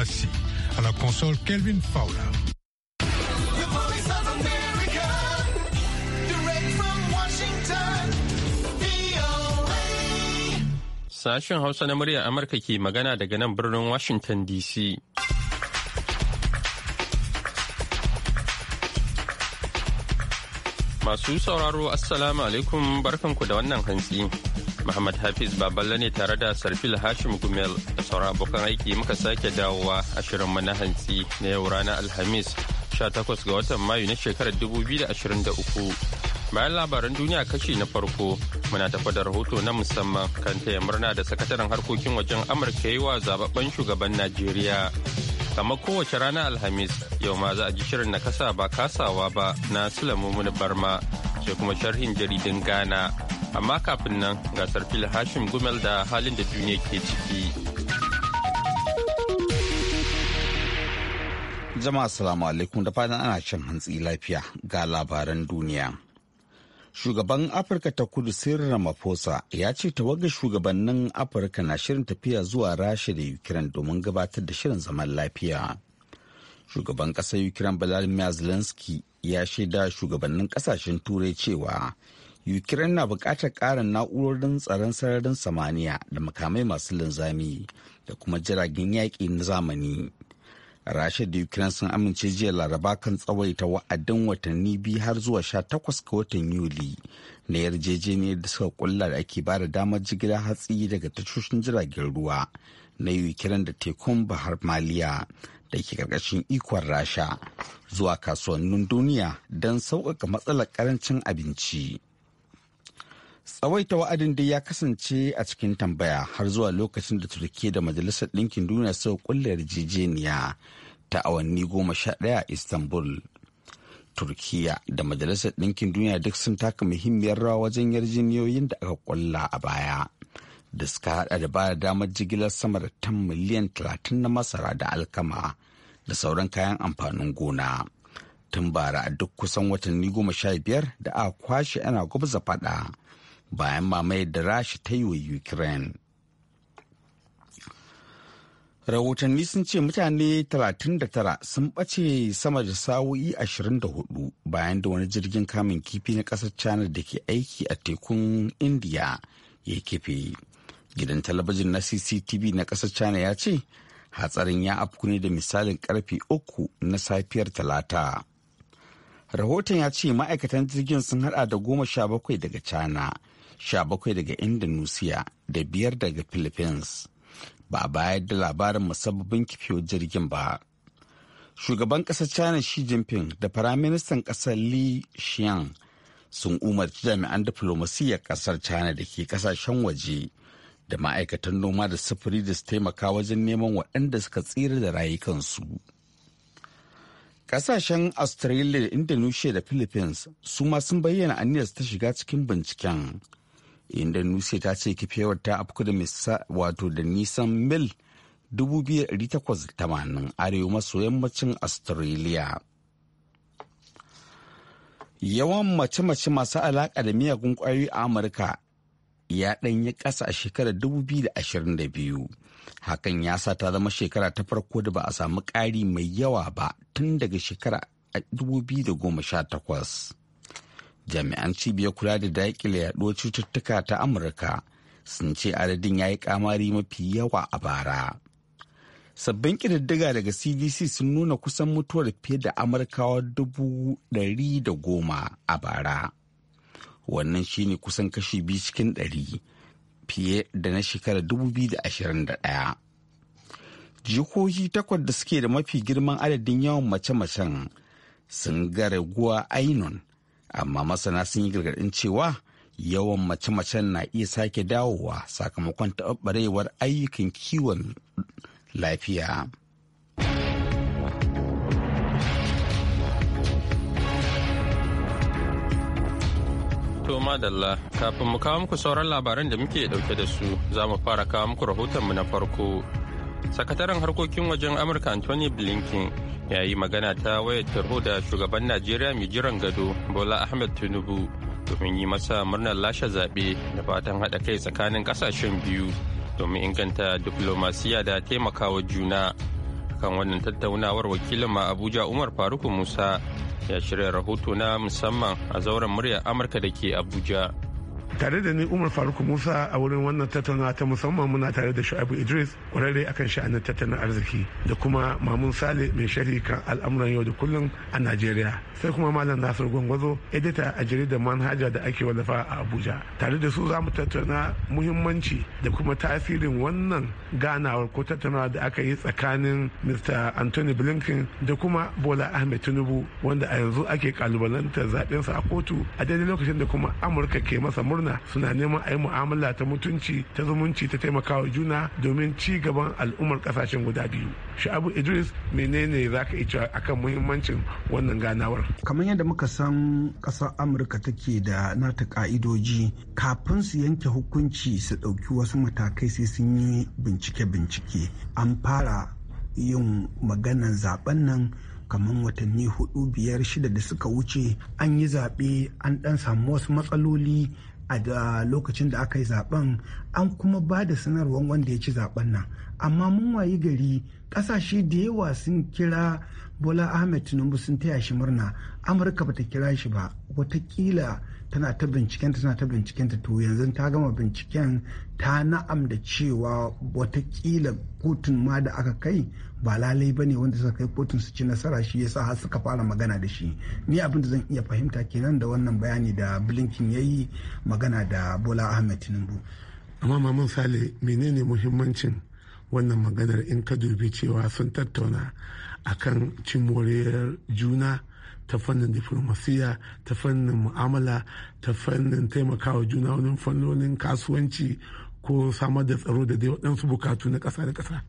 Massi. À la console, Kelvin Fowler. Sashen Hausa na muryar Amurka ke magana daga nan birnin Washington DC. Masu sauraro, Assalamu alaikum barkanku da wannan hantsi. Muhammad Hafiz Baballe ne tare da Sarfil Hashim Gumel da sauran abokan aiki muka sake dawowa a shirin na hantsi na yau ranar Alhamis 18 ga watan Mayu na shekarar 2023. Bayan labaran duniya kashi na farko muna tafa da rahoto na musamman kan taya murna da sakataren harkokin wajen Amurka yi wa zababben shugaban Najeriya. Kamar kowace ranar Alhamis yau ma za a ji shirin na kasa ba kasawa ba na Sulaimu Barma sai kuma sharhin jaridin Ghana. amma kafin nan gasar fil hashim gumel da halin da duniya ke ciki jama'a salamu alaikum da fatan ana cin hantsi lafiya ga labaran duniya shugaban afirka ta kudu sirri ramaphosa ya ce tawaga shugabannin afirka na shirin tafiya zuwa rasha da ukraine domin gabatar da shirin zaman lafiya shugaban ƙasar ukraine vladimir zelensky ya shaida shugabannin kasashen turai cewa Ukraine na buƙatar ƙarin na'urorin tsaron sararin samaniya da makamai masu linzami da kuma jiragen yaƙi na zamani. Rasha da Ukraine sun amince jiya laraba kan tsawai ta wa'adin watanni biyu har zuwa sha takwas ga watan Yuli na yarjejeniyar da suka kulla da ake bada damar jigilar hatsi daga tashoshin jiragen ruwa na Ukraine da tekun Bahar Maliya da ke karkashin ikon Rasha zuwa kasuwannin duniya don sauƙaƙa matsalar ƙarancin abinci. tsawaita wa'adin dai ya kasance a cikin tambaya har zuwa lokacin da turke da majalisar ɗinkin duniya suka kulle yarjejeniya ta awanni goma sha ɗaya a istanbul turkiya da majalisar ɗinkin duniya duk sun taka muhimmiyar rawa wajen yarjejeniyoyin da aka kulla a baya da suka hada da ba da damar jigilar sama da tan miliyan talatin na masara da alkama da sauran kayan amfanin gona tun bara a duk kusan watanni goma sha biyar da aka kwashe ana gwabza fada bayan mamayar da rasha ta yi wa ukraine rahotanni sun ce mutane 39 sun ɓace sama da sa'o'i 24 bayan da wani jirgin kamun kifi na ƙasar china da ke aiki a tekun india ya kife gidan talabijin na cctv na ƙasar china ya ce hatsarin ya afku ne da misalin karfe 3 na safiyar talata rahoton ya ce ma'aikatan jirgin sun hada da goma sha bakwai daga china 17 daga Indonesia da biyar daga Philippines. Ba a bayar da labarin musabbabin kifiyo jirgin ba. Shugaban ƙasar China Xi Jinping da Firaministan ƙasar Li Xiang sun umarci jami'an diflomasiyyar ƙasar China da ke ƙasashen waje da ma'aikatan noma da sufuri da su taimaka wajen neman waɗanda suka tsira da rayukansu. Ƙasashen Australia da Indonesia da Philippines su ma sun bayyana aniyar ta shiga cikin binciken. inda nuse ta ce kifewar ta afku da wato da nisan mil 2,880 arewa maso yammacin australia yawan mace-mace masu alaƙa da miyagun ƙwayoyi a amurka ya ɗanyi ƙasa a shekarar 2022 hakan ya sa ta zama shekara ta farko da ba a samu ƙari mai yawa ba tun daga shekara 2018 jami'an cibiyar kula da daƙile yaɗuwar cututtuka ta amurka sun ce adadin ya yi kamari mafi yawa a bara sabbin ƙididdiga daga cdc sun nuna kusan mutuwar fiye da amurkawa dubu ɗari da goma a bara wannan shine kusan kashi biyu cikin ɗari fiye da na shekarar ɗaya. jihohi takwas da suke da mafi girman adadin yawan mace-macen sun ga raguwa ainun amma masana sun yi gargaɗin cewa yawan mace-macen na iya sake dawowa sakamakon taɓarewar ayyukan kiwon lafiya. To madalla kafin mu kawo muku sauran labaran da muke dauke da su za mu fara kawo muku rahotonmu na farko. Sakataren harkokin wajen Amurka Anthony Blinken ya yi magana ta wayar tarho da shugaban najeriya mai jiran gado bola ahmed tinubu domin yi masa murnar lashe zaɓe da fatan haɗa kai tsakanin ƙasashen biyu domin inganta diplomasiya da taimakawa juna kan wannan tattaunawar wakilin ma abuja umar faruku musa ya shirya rahoto na musamman a zauren murya amurka da ke abuja tare da ni umar faruk musa a wurin wannan tattaunawa ta musamman muna tare da shu'abu idris kwararre akan sha'anin tattalin arziki da kuma mamun sale mai shari kan al'amuran yau da kullum a najeriya sai kuma malam nasir gwangwazo edita a jaridar manhaja da ake wallafa a abuja tare da su za mu tattauna muhimmanci da kuma tasirin wannan ganawar ko tattaunawa da aka yi tsakanin mr anthony blinken da kuma bola ahmed tinubu wanda a yanzu ake kalubalantar zaɓensa a kotu a daidai lokacin da kuma amurka ke masa murna suna suna neman a yi mu'amala ta mutunci ta zumunci ta taimakawa juna domin ci gaban al'ummar kasashen guda biyu sha'abu idris menene za ka iya akan muhimmancin wannan ganawar kamar yadda muka san ƙasar amurka take da nata ka'idoji kafin su yanke hukunci su ɗauki wasu matakai sai sun yi bincike-bincike an fara yin maganan zaben nan kamar watanni hudu biyar shida da suka wuce an yi zaɓe an ɗan samu wasu matsaloli a da lokacin da aka yi zaben an kuma ba da sanarwar wanda ya ci zaben nan amma mun wayi gari kasashe da yawa sun kira bola ahmed tinubu sun taya shi murna amurka bata kira shi ba watakila tana ta binciken tana ta binciken ta to yanzu ta gama binciken ta na'am da cewa watakila kotun ma da aka kai ba lalai ba ne wanda suka kai kotun su ci nasara shi ya sa suka fara magana da shi ni abin da zan iya fahimta kenan da wannan bayani da blinken ya yi magana da bola ahmed tinubu amma maman sale menene muhimmancin wannan maganar in ka dubi cewa sun tattauna a kan cin cimoriyar juna ta fannin diflomasiya ta fannin mu'amala ta fannin taimakawa juna wani fannonin kasuwanci ko samar da tsaro da dai waɗansu bukatu na ƙasa da ƙasa.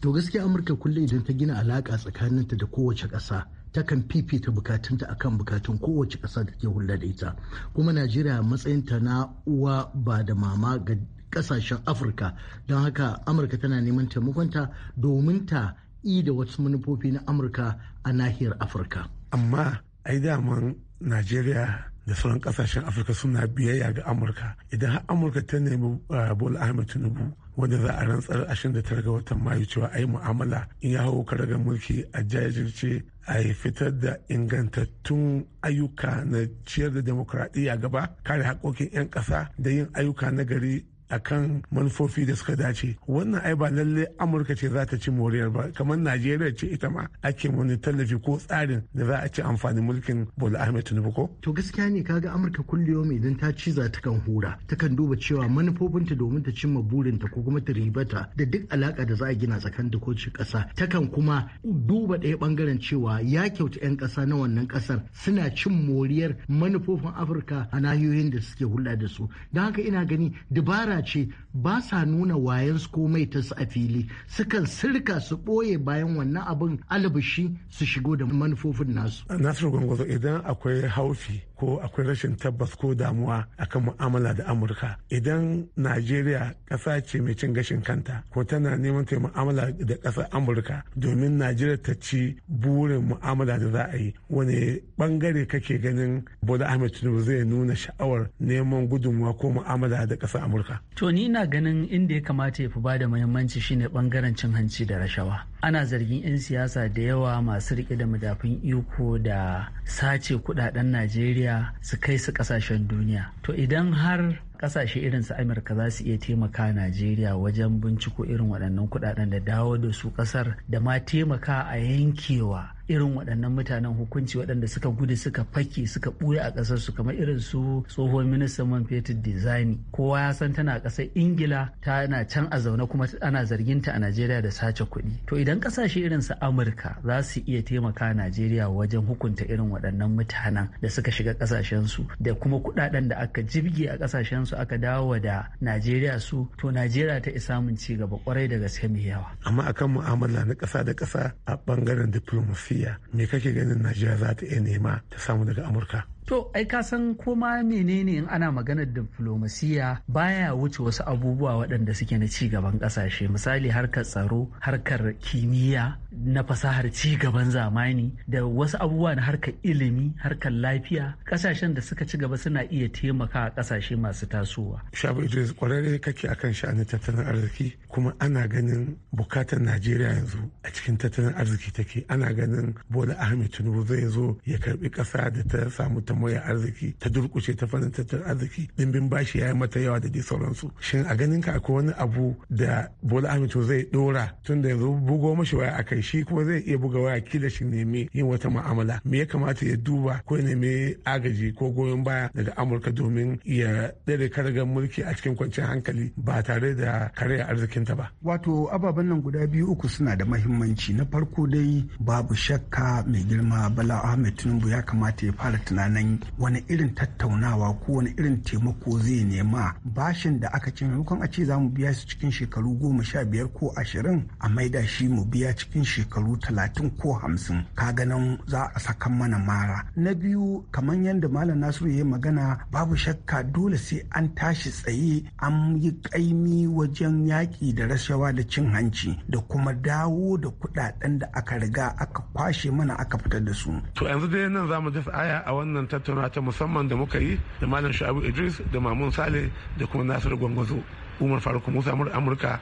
To gaskiya Amurka kullum idan ta gina alaƙa tsakaninta da kowace ƙasa takan fifita bukatunta akan bukatun kowace ƙasa da ke hulɗa da ita kuma najeriya matsayinta na uwa ba da mama ga ƙasashen afirka don haka amurka tana neman taimakonta domin ta yi da wasu manufofi na amurka a nahiyar afirka amma ai daman najeriya da sauran kasashen afirka suna biyayya ga amurka idan har amurka ta nemi ah, bola ahmed tinubu wanda za a rantsar 29 ga watan mayu cewa a yi mu'amala in ya hau karagar mulki a jajirce a yi fitar da ingantattun ayyuka na ciyar da demokradiyya gaba kare haƙoƙin 'yan ƙasa da yin ayyuka na gari a kan manufofi da suka dace wannan ai ba lalle amurka ce za ta ci moriyar ba kamar najeriya ce ita ma ake wani tallafi ko tsarin da za a ci amfani mulkin bola ahmed tinubu ko to gaskiya ne kaga amurka kullum idan ta ciza ta kan hura ta kan duba cewa manufofinta domin ta cimma burinta ko kuma ta ribata da duk alaka da za a gina tsakanin da kocin kasa ta kan kuma duba ɗaya bangaren cewa ya kyauta 'yan kasa na wannan kasar suna cin moriyar manufofin afirka a nahiyoyin da suke hulɗa da su don haka ina gani dabara ce ba sa nuna wayan su komai ta a fili sukan sirka su ɓoye bayan wannan abin alabashi su shigo da manufofin nasu. Nasiru Gwangwazo idan akwai haufi ko akwai rashin tabbas ko damuwa akan mu'amala da Amurka idan Najeriya ƙasa ce mai cin gashin kanta ko tana neman ta mu'amala da ƙasar Amurka domin Najeriya ta ci burin mu'amala da za a yi wani bangare kake ganin Bola Ahmed Tinubu zai nuna sha'awar neman gudunmuwa ko mu'amala da ƙasar Amurka. To ni na ganin inda ya kamata ya fi ba da muhimmanci shine bangaren cin hanci da rashawa. Ana zargin 'yan siyasa da yawa masu rike da madafin iko da sace kudaden Najeriya su kai su ƙasashen duniya. To idan har kasashe irin su amurka za su iya taimaka najeriya wajen binciko irin waɗannan kuɗaɗen da dawo da su ƙasar da ma taimaka a yankewa irin waɗannan mutanen hukunci waɗanda suka gudu suka fake suka ɓuya a ƙasar su kamar irin su tsohon ministan man fetur design kowa ya san tana ƙasar ingila tana can a zaune kuma ana zargin ta a najeriya da sace kuɗi to idan ƙasashe irin su amurka za su iya taimaka najeriya wajen hukunta irin waɗannan mutanen da suka shiga ƙasashen su da kuma kuɗaɗen da aka jibge a ƙasashen su aka dawo da najeriya su to najeriya ta isa mun ci gaba kwarai da gaske mai yawa amma akan mu'amala na ƙasa da ƙasa a ɓangaren diplomacy najeriya me kake ganin najeriya za ta iya nema ta samu daga amurka To, ai ka san koma menene in ana maganar diflomasiya baya wuce wasu abubuwa waɗanda suke na cigaban ƙasashe. Misali harkar tsaro, harkar kimiyya na fasahar cigaban zamani da wasu abubuwa na harkar ilimi, harkar lafiya. Ƙasashen da suka ci gaba suna iya taimaka a ƙasashe masu tasowa. Shabu Idris ƙwararre kake akan sha'anin tattalin arziki kuma ana ganin bukatar Najeriya yanzu a cikin tattalin arziki take. Ana ganin Bola Ahmed Tinubu zai zo ya karbi ƙasa da ta samu tamoyar arziki ta durkushe ta fannin tattalin arziki dimbin bashi ya yi mata yawa da sauransu shin a ganin ka akwai wani abu da bola ahmed zai dora tun da yanzu bugo mashi waya akai shi kuma zai iya buga waya kila shi nemi yin wata ma'amala me ya kamata ya duba ko ya nemi agaji ko goyon baya daga amurka domin ya dare karagar mulki a cikin kwanciyar hankali ba tare da karya arzikinta ba wato ababen nan guda biyu uku suna da mahimmanci na farko dai babu shakka mai girma bala ahmed tinubu ya kamata ya fara tunanin tunani wani irin tattaunawa ko wani irin taimako zai nema bashin da aka ce maimakon a ce za mu biya su cikin shekaru goma sha biyar ko ashirin a maida shi mu biya cikin shekaru talatin ko hamsin ka nan za a sakan mana mara na biyu kamar yadda malam nasiru ya yi magana babu shakka dole sai an tashi tsaye an yi kaimi wajen yaƙi da rashawa da cin hanci da kuma dawo da kuɗaɗen da aka riga aka kwashe mana aka fitar da su to yanzu dai nan za mu aya a wannan tattaunawa ta musamman da muka yi da malam sha'abu idris da mamun sale da kuma nasiru gwangwazo umar faruk musa amurka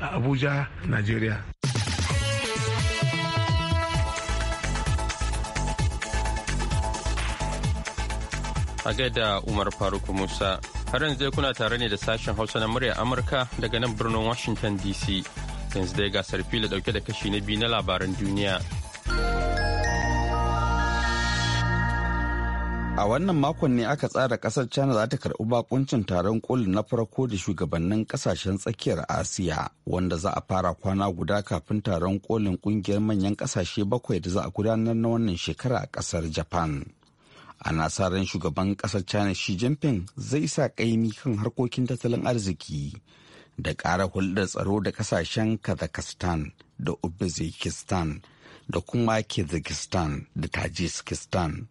a abuja nigeria a gaida umar faruk musa har yanzu kuna tare ne da sashen hausa na murya amurka daga nan birnin washington dc yanzu dai gasar fili dauke da kashi na biyu na labaran duniya A wannan makon ne aka tsara kasar China za ta karɓi bakuncin taron koli na farko da shugabannin kasashen tsakiyar Asiya wanda za a fara kwana guda kafin taron kolin kungiyar manyan kasashe bakwai da za a gudanar na wannan shekara a kasar Japan. Ana sa ran shugaban kasar China Xi Jinping zai sa kaimi kan harkokin tattalin arziki da ƙara hulɗar tsaro da kasashen Kazakhstan da Uzbekistan da kuma Kyrgyzstan da Tajikistan.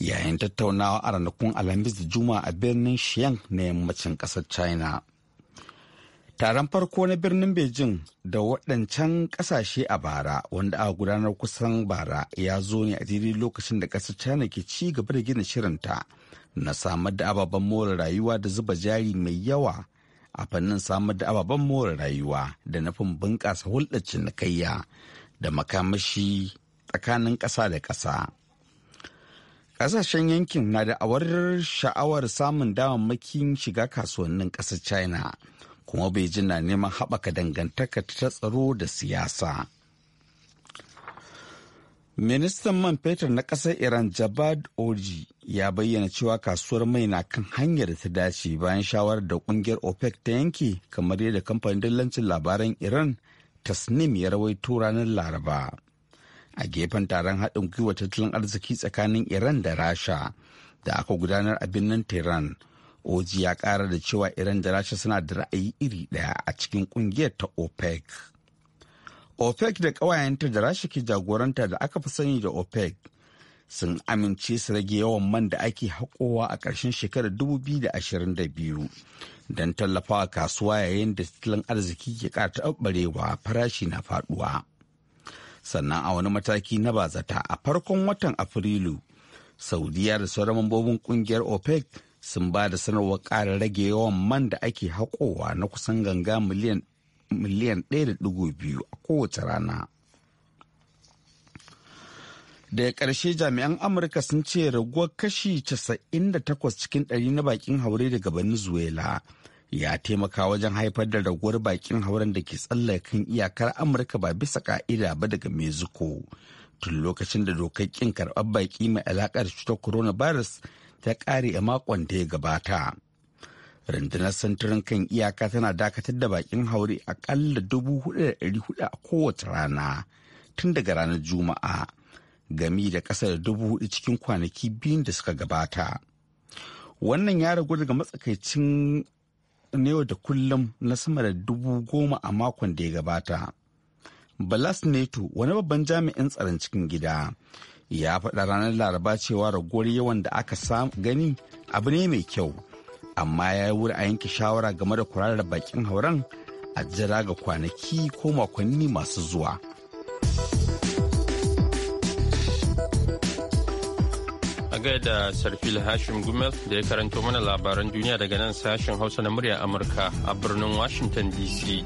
yayin tattaunawa a ranakun alhamis da juma a birnin shiyan na yammacin kasar china taron farko na birnin beijing da waɗancan ƙasashe a bara wanda aka gudanar kusan bara ya zo ne a daidai lokacin da ƙasar china ke ci gaba da gina shirinta na samar da ababen more rayuwa da zuba jari mai yawa a fannin samar da ababen more rayuwa da nufin bunƙasa hulɗar cinikayya da makamashi tsakanin ƙasa da ƙasa Ƙasashen yankin na da awar sha'awar samun damammakin shiga kasuwannin ƙasar China, kuma Beijing na neman haɓaka dangantaka ta tsaro da siyasa. Ministan man fetur na ƙasar Iran Jabad Oji ya bayyana cewa kasuwar mai na kan hanyar ta dace bayan shawarar da ƙungiyar OPEC ta yanke kamar yadda kamfanin dillancin labaran Iran Tasnim ya rawaito ranar Laraba. a gefen taron haɗin gwiwa tattalin arziki tsakanin iran da rasha da aka gudanar a birnin tehran oji ya ƙara da cewa iran da rasha suna da ra'ayi iri ɗaya a cikin ƙungiyar ta opec opec da ƙawayenta da rasha ke jagoranta da aka fi sani da opec sun amince su rage yawan man da ake haƙowa a ƙarshen shekarar 2022 don tallafawa kasuwa yayin da tattalin arziki ke ƙara taɓarewa farashi na faɗuwa. sannan a wani mataki na bazata a farkon watan afrilu saudiya da sauran mambobin kungiyar opec sun ba da sanarwar ƙara rage yawan man da ake haƙowa na kusan ganga miliyan 1.2 a kowace rana daga ƙarshe jami'an amurka sun ce raguwar kashi 98 cikin 100 na bakin haure daga venezuela ya taimaka wajen haifar da raguwar bakin hauren da ke kan iyakar amurka ba bisa ka'ida ba daga mexico tun lokacin da dokar kin karɓar baki mai alaƙar cutar coronavirus ta ƙare a makon da ya gabata rundunar santurin kan iyaka tana dakatar da bakin haure akalla dubu hudu a kowace rana tun daga ranar juma'a gami da ƙasa da dubu hudu cikin kwanaki biyun da suka gabata wannan ya ragu daga matsakaicin na yau da kullum na sama da dubu goma a makon da ya gabata. Balas Neto wani babban jami'in tsaron cikin gida ya faɗa ranar laraba cewa ragowar yawan da aka gani abu ne mai kyau amma ya yi wuri a yanke shawara game da kula da bakin hauren a jira ga kwanaki ko makonni masu zuwa. ga da Sarfil Hashim Gumel da ya karanto mana labaran duniya daga nan sashen Hausa na murya Amurka a birnin Washington DC.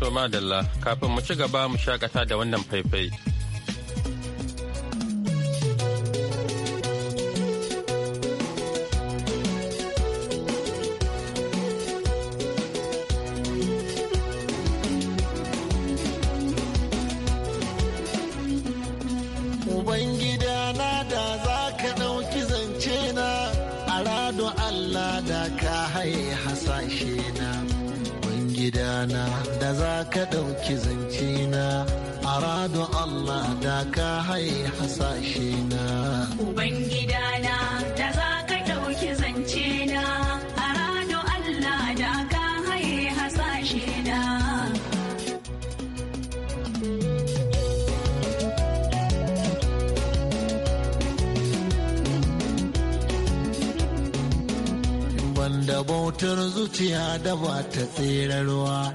Toma Dalla, kafin mu ci gaba mu shakata da wannan faifai. ka ɗauki zance na arado Allah da ka hai hasashe na ubangida na da za ka ɗauki zance na arado Allah da ka hai hasashe na banda bautar zuciya da ba ta tserarwa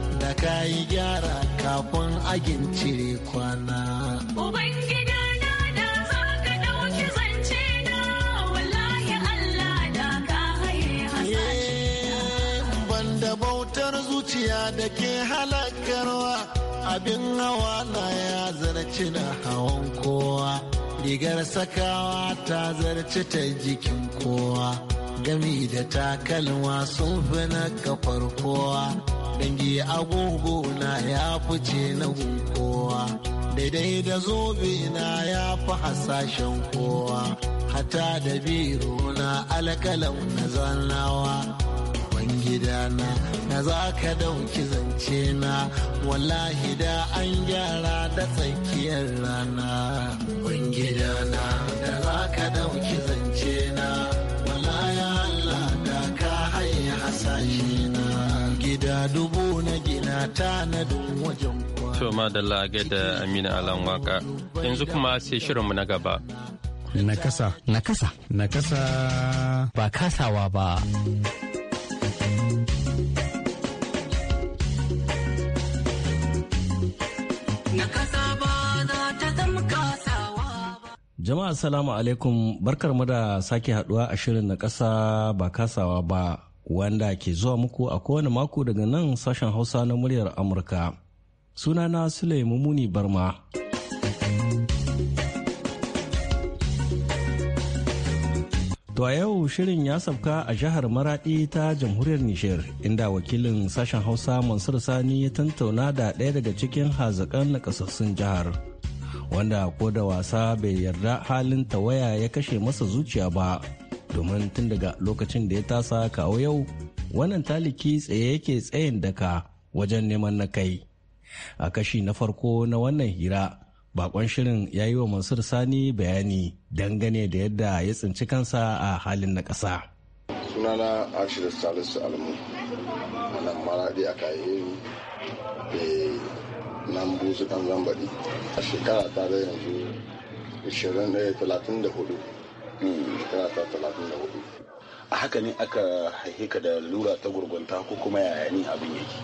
da ka yi gyara kafin agin cire kwana. Ubangida na ka ɗauki zance na Allah da ka eh, Ban da bautar zuciya da ke halakarwa abin hawa na ya zarci na hawan kowa. Rigar sakawa ta zarci ta jikin kowa. Gami da takalma sun fi na kafar kowa. dangi agogo na ya fice na kowa daidai da zobe na ya fi hasashen kowa hata da biro na alkalam na zannawa gidana na za ka dauki zance na wallahi da an gyara da tsakiyar rana gidana da za ka dauki dubu na gina tanadin wajen To madalla da Amina Alan waka yanzu kuma sai shirinmu na gaba. Nakasa. Nakasa. Nakasa. Ba kasawa ba. Jama'a salamu alaikum barkar mu da sake haduwa a shirin na kasa ba kasawa ba wanda ke zuwa muku a kowane mako daga nan sashen hausa na muryar amurka sunana sulaimu muni barma To a yau shirin ya sabka a jihar Maradi ta jamhuriyar nishir inda wakilin sashen Hausa Mansur Sani ya tantauna da ɗaya daga cikin hazakan nakasassun jihar. Wanda ko da wasa bai yarda halin tawaya ya kashe masa zuciya ba domin tun daga lokacin da ya tasa kawo yau wannan taliki tsaye yake tsayin daka wajen neman na kai a kashi na farko na wannan hira bakon shirin ya yi wa mansur sani bayani dangane da yadda ya tsinci kansa a halin na ƙasa sunana ashir salisu almu nan maradi a kayayyari da eh, nan buzu kan zambaɗi a shekara ta da yanzu 21 34 eh, tana ta talatin da hudu a haka ne aka haife ka da lura ta gurgunta ko kuma yaya ni abin yake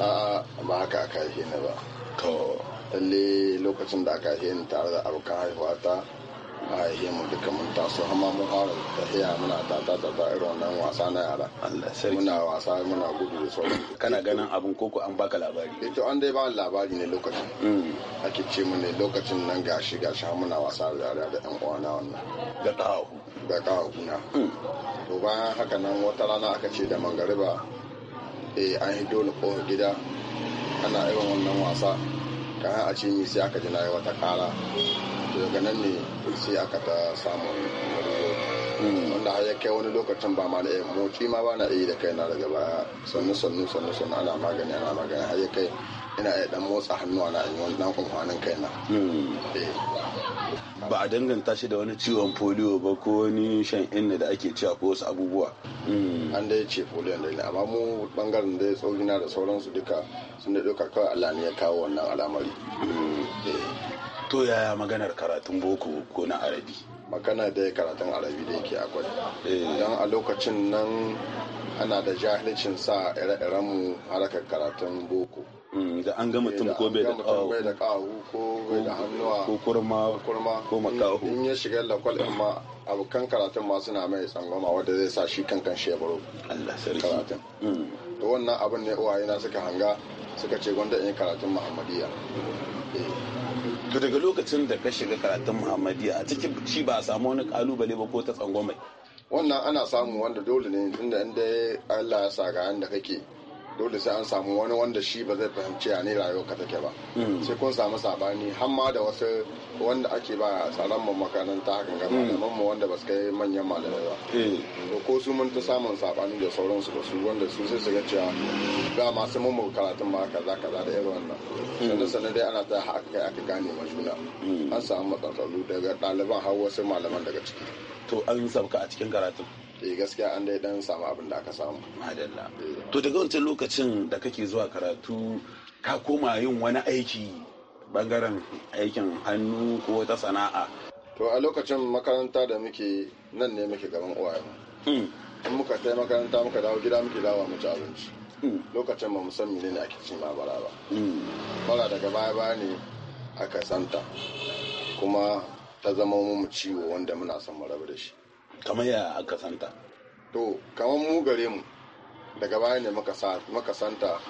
a'a ba haka aka haife ni ba to lalle lokacin da aka haife ni tare da abokan haihuwa ta a yi mu duka mun taso amma mun fara tafiya muna tata tata irin wannan wasa na yara muna wasa muna gudu da sauran kana ganin abun koko an baka labari eh to an dai ba labari ne lokacin mm. ake ce mu ne lokacin nan gashi gashi muna wasa da yara da yan uwana wannan da kawo da kawo na mm. to bayan haka nan wata rana aka ce da mangariba eh an hido ni ko gida ana irin wannan wasa kana a sai aka ji na yi wata kara to daga nan ne sai aka ta samun hmm. wanda har ya wani lokacin ba ma na yi motsi ma ba na yi da kai na daga baya sannu sannu sannu sannu ana magani ana magani har ya kai ina iya dan motsa hannuwa na yi wani dan kai na. ba a danganta shi da wani ciwon polio ba ko wani shan inna da ake cewa ko wasu abubuwa mm. an ya ce polio da amma mu bangaren da tsorina da sauransu duka sun da ɗauka kawai allah ne ya kawo wannan al'amari mm. eh. to yaya maganar karatun boko ko na arabi magana da karatun arabi da yake akwai eh. don a lokacin nan ana da jahilcin sa ire-irenmu harakar karatun boko Mm, da an ga mutum ko bai da kawo ko bai da hannuwa ko kurma ko makahu in ya shiga lakwal in ma abokan karatun ma suna mai tsangwama wanda zai sa shi kankan shi ya baro karatun mm. to wannan abin ne uwaye na suka hanga suka ce gwanda in yi karatun muhammadiya eh. to daga lokacin da ka shiga karatun muhammadiya a cikin shi ba a samu wani kalubale ba ko ta tsangwamai wannan ana samu wanda dole ne inda inda Allah ya sa ga yanda kake dole sai an samu wani wanda shi ba zai fahimci ya ne rayuwar ka take ba hmm. sai kun samu sabani har ma da wasu wanda ake ba tsaron mu makaranta hakan ga hmm. malaman mu wanda ba su kai manyan malamai ba eh. ko su mun ta samun sabani da sauransu ba su wanda su sai su ga cewa ga masu mun karatun ma kaza kaza da irin wannan sanda hmm. sanda dai ana ta haka aka gane ma juna an samu matsatsalu daga ɗaliban har wasu malaman daga ciki to an ka a cikin karatun eh gaskiya an dai dan samu abin da aka samu madalla eh. to daga wancan lokacin da kake zuwa karatu ka koma yin wani aiki bangaren aikin hannu ko wata sana'a to a lokacin makaranta da muke nan ne muke gaban uwaye hmm. in muka kai makaranta muka dawo gida muke dawo mu ci abinci hmm. lokacin ba mu san menene ake cin labara ba hmm. bara daga baya baya ne aka santa kuma ta zama mu ciwo wanda muna son mu rabu da shi kamar ya aka santa to kamar mu gare mu daga baya ne maka santa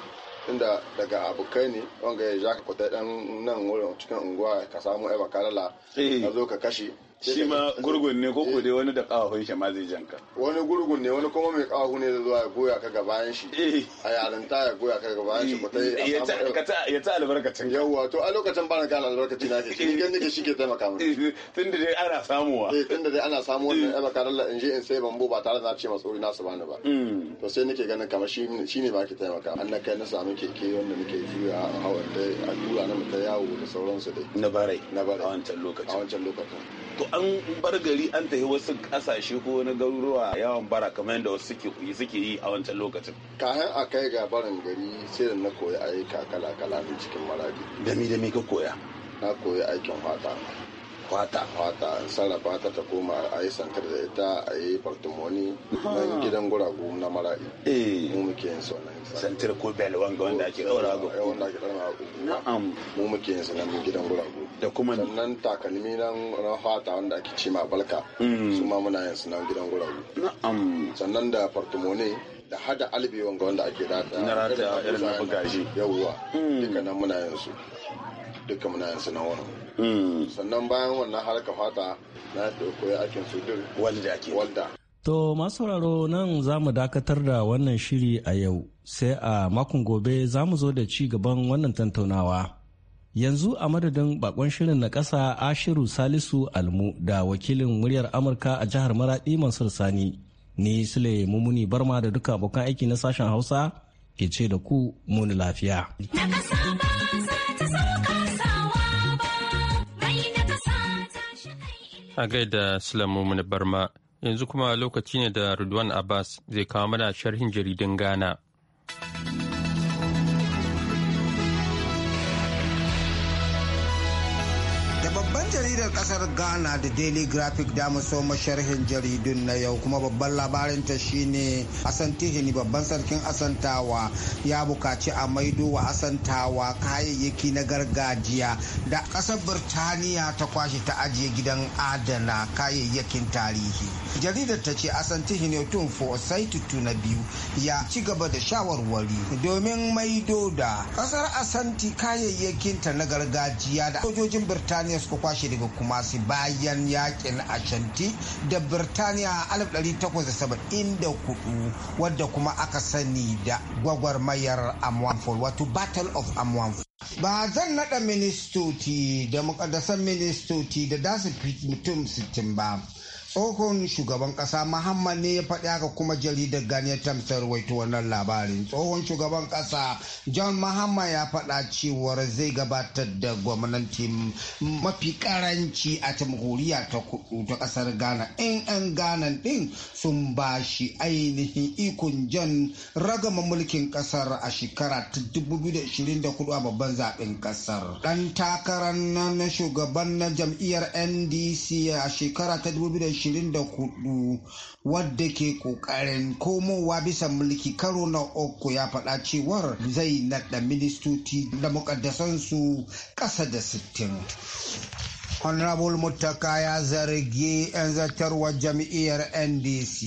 inda daga abokai ne wanga ya ja ka kwata dan nan wurin cikin unguwa ka samu ai bakarala eh. ka zo ka kashe shi ma gurgun ne ko dai wani da kawahun shi ma zai janka wani gurgun ne wani kuma mai kawahu ne zai zuwa ya goya ka gabayan shi eh. a yarinta ya goya ka gabayan shi ko eh, ta ya ta albarkacin yawwa to a lokacin ba na gane albarkacin na ke shi ganin nake shi ke taimaka min eh, tun da dai ana samuwa eh tun da dai ana samuwa ne ya baka Allah in je in sai bambo ba tare da na ce masu na su bani ba hmm. to sai nake ganin kamar shi ne ba ki taimaka an na kai na samu keke wanda nake juya a hawan dai a tura na mu ta yawo da sauransu dai na bare na bare a wancan lokacin a wancan lokacin to an bar gari an tafi wasu kasashe ko wani garuruwa yawan bara kamar yadda wasu suke yi a wancan lokacin kayan a kai ga barin gari sai da na koya ayyuka kala-kala cikin maradi dami dami ka koya na koya aikin fata fata kwata sarrafa ta ta koma a yi sankar da ita a yi fartumoni nan ah. gidan guragu na mara'i eh. mu muke yin sonan santir ko bel wanga wanda ake daura ga ku wanda ake daura ga na'am mu muke yin sonan gidan guragu da kuma sannan takalmi nan na fata wanda ake ce ma balka hmm. su ma muna yin sonan gidan guragu na'am sannan da fartumoni da hada albi wanga wanda ake rata na rata irin na bugaji yawwa hmm. duka nan muna yin su dukkan muna yin sonan na wannan Hmm. sannan bayan wannan harka fata na koyi aikin sudur walda ke walda to masu sauraro nan za mu dakatar da wannan shiri a yau sai a makon gobe za mu zo da ci gaban wannan tantaunawa yanzu a madadin bakon shirin na ƙasa ashiru salisu almu da wakilin muryar amurka a jihar maradi mansur sani ni sule mumuni barma da duka abokan aiki na sashen hausa ke ce da ku muni lafiya. A gaida Sulaimu Barma, yanzu kuma lokaci ne da Ridwan Abbas zai kawo mana sharhin jaridun Ghana. kasar ghana da daily graphic da so masharhin jaridun na yau kuma babban labarinta ta shine asantihini babban sarkin asantawa ya bukaci a maido wa asantawa kayayyaki na gargajiya da kasar birtaniya ta kwashe ta ajiye gidan adana kayayyakin tarihi jaridar ta ce asantihini tun tutu na biyu ya ci gaba da shawarwari domin maido da kasar asanti kayayyakinta na gargajiya da sojojin birtaniya suka kwashe daga kuma masu bayan yakin ashanti da birtaniya 1874 wadda kuma aka sani da gwagwarmayar amwanfol wato battle of amwanfol ba zan nada ministoci da mukaddasan ministoci da dasu mutum 60 ba tsohon shugaban kasa muhammad ne ya faɗi haka kuma jaridar ganiyar tamsar waito wannan labarin tsohon shugaban kasa john muhammad ya faɗa cewar zai gabatar da gwamnati mafi karanci a jamhuriya ta kudu ta kasar ghana in 'yan ghana din sun ba shi ainihin ikon John ragama mulkin kasar a shekara ta 2024 a babban zaɓen kasar dan takarar na shugaban na jam'iyyar ndc a shekara ta 2024 24 wadda ke kokarin komowa bisa mulki karo na uku ya faɗa cewar zai naɗa ministoci da mukaddasansu ƙasa da 60 honorable mutaka ya zargi 'yan zartarwar jam'iyyar ndc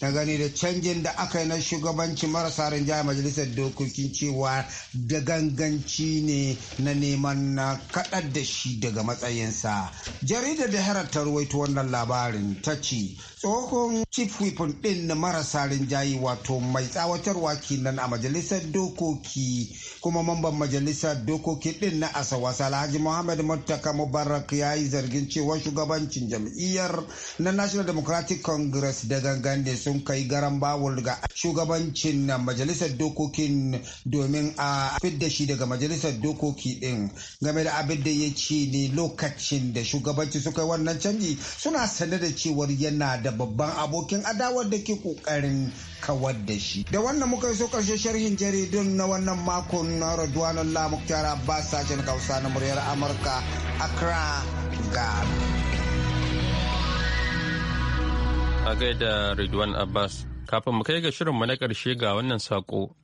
na da canjin da aka yi na shugabanci marasa rinjaya majalisar dokokin cewa da ganganci ne na neman na kaɗar da shi daga matsayinsa jaridar da harar tarwaito wannan labarin ta ce tsohon chief whip din na marasa rinjaye wato mai tsawatarwa kenan a majalisar dokoki kuma mamban majalisar dokoki din na asawasa alhaji muhammad murtaka mubarak ya yi zargin cewa shugabancin jam'iyyar na national democratic congress da gangande sun kai garan bawul ga shugabancin majalisar dokokin domin a fidda shi daga majalisar dokoki din game da abin da ya ce ne lokacin da shugabanci suka yi wannan canji suna sane da cewar yana da babban abokin adawar da ke kokarin kawar da shi da wannan muka yi so karshe sharhin jaridun na wannan makon na radwan allah muktar abbas sashen kausa na muryar amurka accra ghana a gaida Ridwan Abbas. Kafin mu kai ga shirinmu na ƙarshe ga wannan sako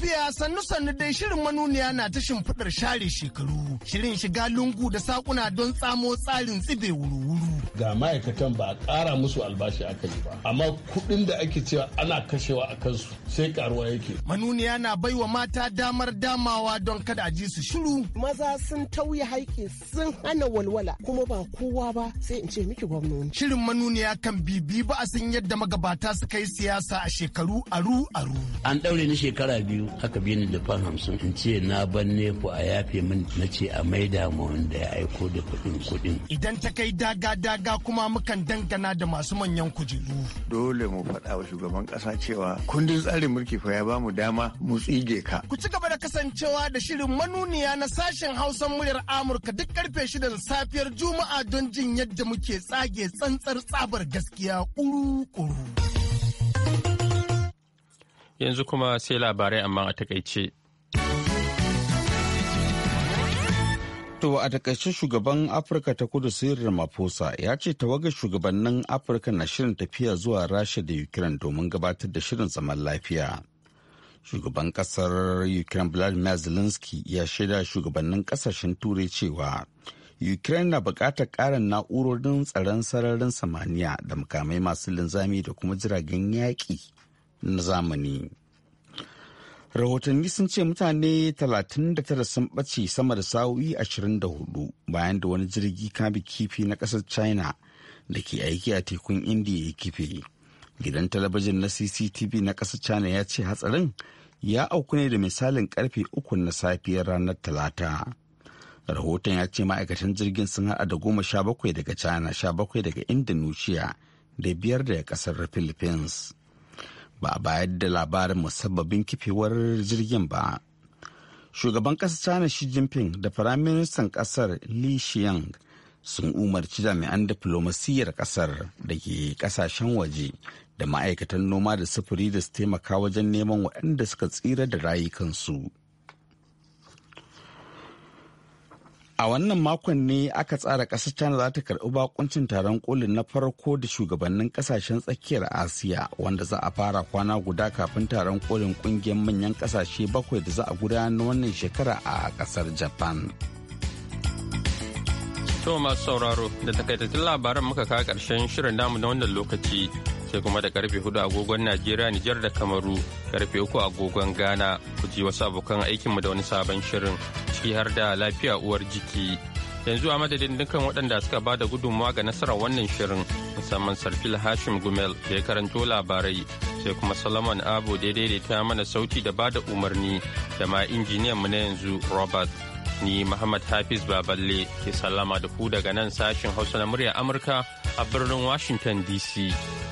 lafiya sannu sannu dai shirin manuniya na ta shimfiɗar share shekaru. Shirin shiga lungu da sakuna don tsamo tsarin tsibe wuru-wuru. Ga ma'aikatan ba a ƙara musu albashi aka yi ba. Amma kuɗin da ake cewa ana kashewa a kansu sai karuwa yake. Manuniya na baiwa mata damar damawa don kada a ji su shiru. Maza sun tauye haike sun hana walwala kuma ba kowa ba sai in ce miki gwamnoni. Shirin manuniya kan bibi ba a san yadda magabata suka yi siyasa a shekaru aru aru. An ɗaure ni shekara biyu aka bi ni da fan hamsin in ce na ban ku a yafe min na ce a maida mu wanda ya aiko da kuɗin kuɗin. Idan ta kai daga daga kuma mukan dangana da masu manyan kujeru. Dole mu faɗa wa shugaban ƙasa cewa kundin tsarin mulki fa ya bamu dama mu tsige ka. Ku ci gaba da kasancewa da shirin manuniya na sashen Hausan muryar Amurka duk karfe shidan safiyar Juma'a don jin yadda muke tsage tsantsar tsabar gaskiya kuru-kuru. yanzu kuma sai labarai amma a takaice. To a takaice shugaban Afirka ta kudu Cyril Maposa ya ce tawagar shugabannin Afirka na shirin tafiya zuwa Rasha da Ukraine domin gabatar da shirin zaman lafiya. Shugaban kasar Ukraine Vladimir Zelensky ya shaida shugabannin kasashen turai cewa Ukraine na buƙatar ƙarin na'urorin tsaron sararin samaniya da makamai masu linzami da kuma jiragen yaƙi na zamani. Rahotanni sun ce mutane 39 sun ɓace sama da sa'o'i 24 bayan da wani jirgi kabi kifi na ƙasar China da ke aiki a tekun Indiya ya kife. Gidan talabijin na CCTV na ƙasar China ya ce hatsarin ya auku ne da misalin karfe uku na safiyar ranar Talata. rahoton ya ce ma'aikatan jirgin sun haɗa da goma sha bakwai daga china sha bakwai daga indonesia da biyar daga ƙasar philippines ba a bayar da labarin musabbabin kifewar jirgin ba shugaban ƙasar china Xi jinping da firaministan ƙasar li xiang sun umarci jami'an diflomasiyyar ƙasar da ke ƙasashen waje da ma'aikatan noma da sufuri da su taimaka wajen neman waɗanda suka tsira da rayukansu A wannan makon ne aka tsara ƙasar China za ta karɓi bakuncin taron kolin na farko da shugabannin ƙasashen tsakiyar Asiya wanda za a fara kwana guda kafin taron kolin ƙungiyar manyan kasashe bakwai da za a gudanar wannan shekara a kasar Japan. To masu sauraro da takaitattun labaran muka kawo karshen shirin namu na wannan lokaci sai kuma da karfe hudu agogon Najeriya Nijar da Kamaru karfe uku agogon Ghana ku ji wasu abokan aikinmu da wani sabon shirin. ciki har da lafiya uwar jiki. Yanzu a madadin dukkan waɗanda suka ba da gudunmawa ga nasarar wannan shirin musamman Sarfil Hashim Gumel da ya karanto labarai sai kuma Solomon Abu daidai da ta mana sauti da ba da umarni da ma injiniyan mu na yanzu Robert. Ni Muhammad Hafiz Baballe ke sallama da ku daga nan sashin Hausa na murya Amurka a birnin Washington DC.